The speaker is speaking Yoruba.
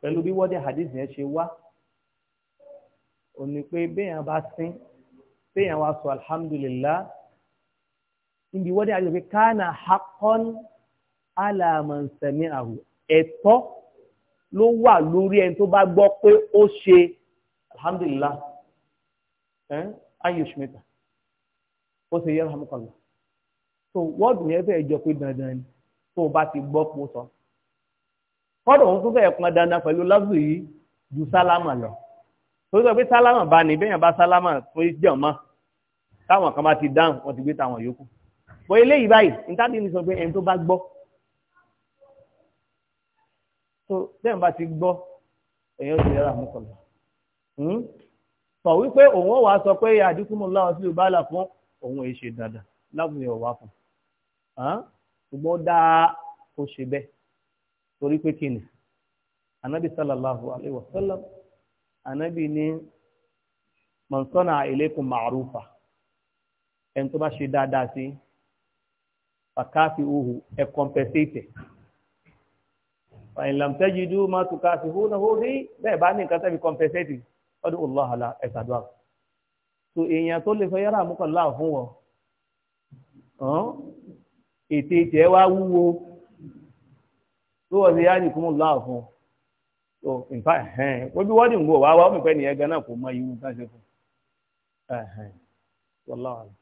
pẹ̀lú bí wọ́dẹ̀ hadith yẹn ṣe wá ó ní pé béèyàn bá sín béèyàn wá sọ alhamdulillah níbi wọ́dẹ̀ hadith pé kánà haqqan ala man sami'ahu ẹ̀tọ́ ló wà lórí ẹni tó bá gbọ́ pé ó ṣe alhamdulillah ẹ̀ ayé ṣùmẹ́ta ó ṣe yẹ alhamdulillah so wọ́ọ̀dù yẹn fẹ́ jọ pé dandan ni tó o bá ti gbọ́ pé ó sọ kọ́dọ̀ òun tún fẹ́ pọn dandan pẹ̀lú lọ́gbù yìí ju sálámà lọ tó sọ pé sálámà bá ní bẹ́yàn bá sálámà tó jẹ̀ mọ́ táwọn kan bá ti dáhùn wọ́n ti gbé táwọn yòókù bọ́ eléyìí báyìí nítàdí ni sọ pé ẹni tó bá gbọ́ tó bẹ́yàn bá ti gbọ́ èèyàn ti rẹ́ra mú kọlọ̀ hmm? sọ wípé òun ó wá sọ pé àdínkùmọ̀ láwọn sí ìbálà fún òun èṣe dandan láwùjọ wà fún ṣùgbọ́n dáa ó ṣe bẹ́ẹ̀ torí pé kí ni anabi sallallahu alayhi wa sallam anabi ní man sana'a ilaykum ma'rufa ẹni tó bá ṣe dáadáa sí fàkáàfì òhù ẹ kọ́mpẹ́sẹ̀tẹ̀ fa in lam tajidu ma tukafihunahu rí bẹ́ẹ̀ bá ní nǹkan tẹ́bi kọ́mpẹ́sẹ̀tì ọdún ọlọ́hàlà ẹ̀sàdúrà so èèyàn tó lè fẹ́ yára àmúkànlá fún wọn ètè ìtẹ́ wá wúwo tó wọ́n ti yá ní kúmù láà fún ọ nfa ẹ̀hẹ́n ojú wọ́n dì ń gbò wá wá ó mìpẹ́ nìyẹn gan náà kò mọ irú ká ṣe fún ẹ̀hẹ́n wọ́n láwàá.